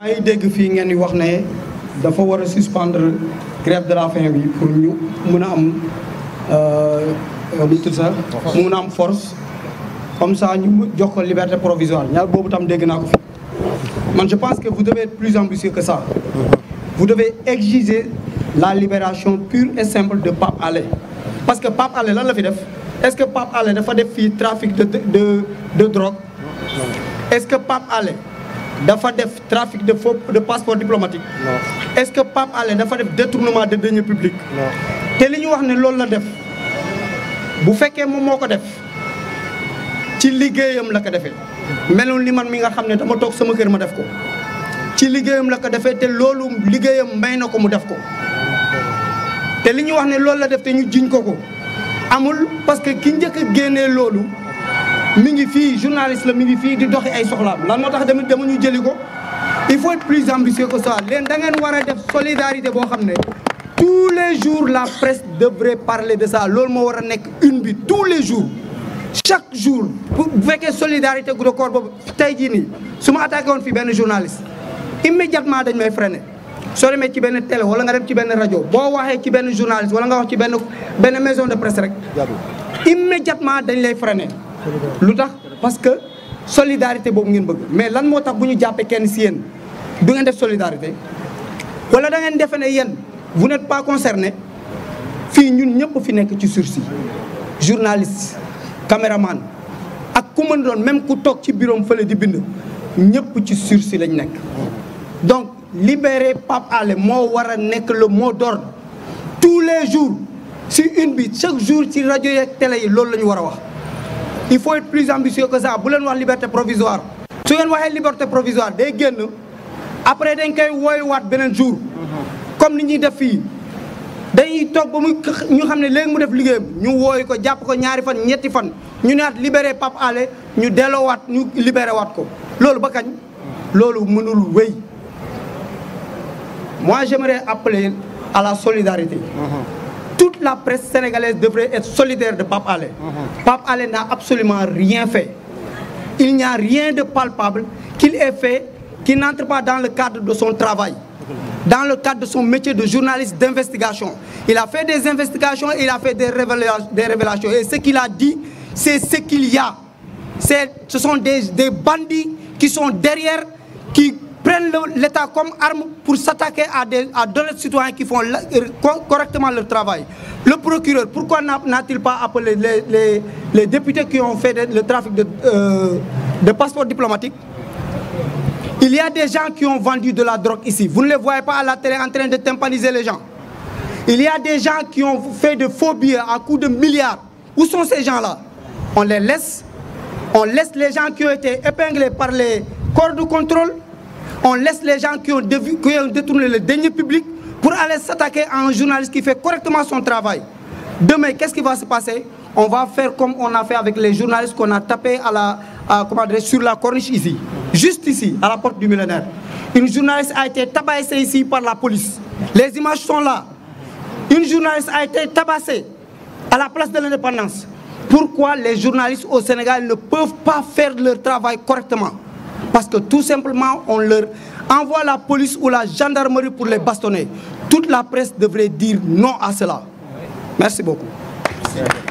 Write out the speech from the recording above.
ay dégg fii ngeen di wax ne dafa war a suspendre grève de la faim pour ñu mën a am euh, lu tudd sax mu mën am force comme ça ñu jox ko liberté provisoire ñaar boobu tam dégg naa ko fi man je pense que vous devez être plus ambitieux que ça mm-hmm. vous devez exiger la libération pure et simple de Pape Alé parce que pap Alé lan la fi def est-ce que Pape Alé dafa def fii trafic de de de drogue est-ce que Pape Alé dafa def trafic de faux de passeport diplomatique. est ce que Pape Alé dafa def détournement de deniers publics. te li ñu wax ne loolu la def bu fekkee moom moo ko def ci liggéeyam la ko defee. meloon li man mi nga xam ne dama toog sama kër ma def ko ci liggéeyam la ko defee te loolu liggéeyam may na ko mu def ko te li ñu wax ne loolu la def te ñu jiñ ko ko amul parce que ki njëkk a génnee loolu. mi ngi fii journaliste la mi ngi fii di doxi ay soxlaam lan moo tax tamit demuñu jëli ko il faut être plus ambitieux que ça leen da ngeen war a def solidarité boo xam ne tous les jours la presse devrait parler de ça loolu moo war a nekk une bi tous les jours chaque jour bu fekkee solidarité gu record tey jii nii su ma attaqué woon fii benn journaliste immédiatement dañ may freiné soo demee ci benn tele wala nga dem ci benn rajo boo waxee ci benn journaliste wala nga wax ci benn benn maison de presse rek immédiatement dañ lay freiné lu tax parce que solidarité boobu ngeen bëgg mais lan moo tax bu ñu jàppee kenn si yéen du ngeen def solidarité wala da ngeen defe ne yéen vous n'êtes pas concerné fii ñun ñëpp fi nekk ci sursis journaliste caméraman ak ku doon même ku toog ci bureau fële di bind ñëpp ci sursis lañ nekk donc libérer Pape Alé moo war a nekk le mot d'ordre tous les jours si une bi chaque jour ci rajo yeeg télé yi loolu la ñu war a wax il faut être plus ambitieux que ça bu leen wax liberté provisoire su ngeen waxee liberté provisoire day génn après dañ koy waat beneen jour comme ni ñuy def fii day toog ba muy ñu xam ne léegi mu def liggéeyam ñu wooyu ko jàpp ko ñaari fan ñetti fan ñu newaat libéré Pape Alé ñu delloowaat ñu libéré waat ko loolu ba kañ loolu mënul wéy moi j'aimerais appeler à la solidarité la presse sénégalaise devrait être solidaire de Pape Alé. Mmh. Pape Alé n'a absolument rien fait. Il n'y a rien de palpable qu'il ait fait qui n'entre pas dans le cadre de son travail, dans le cadre de son métier de journaliste d'investigation. Il a fait des investigations, il a fait des révélations. Et ce qu'il a dit, c'est ce qu'il y a. Ce sont des, des bandits qui sont derrière, qui prennent l'État comme arme pour s'attaquer à, d'autres citoyens qui font euh, correctement leur travail. Le procureur, pourquoi n'a-t-il pas appelé les, les, les, députés qui ont fait le trafic de, euh, de Il y a des gens qui ont vendu de la drogue ici. Vous ne les voyez pas à la télé en train de tympaniser les gens. qui ont fait de faux billets à coups de milliards. Où sont ces gens-là On les laisse. On laisse les gens qui ont été épinglés par les corps de On laisse les gens qui ont, dévu, qui ont détourné le denier public pour aller s'attaquer à un journaliste qui fait correctement son travail. Demain, qu'est-ce qui va se passer On va faire comme on a fait avec les journalistes qu'on a tapés à la, la corniche ici, juste ici, à la porte du millénaire. Une journaliste a été tabassée ici par la police. Les images à la place de l'indépendance. Pourquoi les journalistes au Sénégal ne peuvent pas faire leur travail correctement Parce que tout simplement, on leur envoie la police ou la gendarmerie pour les bastonner. Toute la presse devrait dire non à cela. Merci beaucoup. Merci.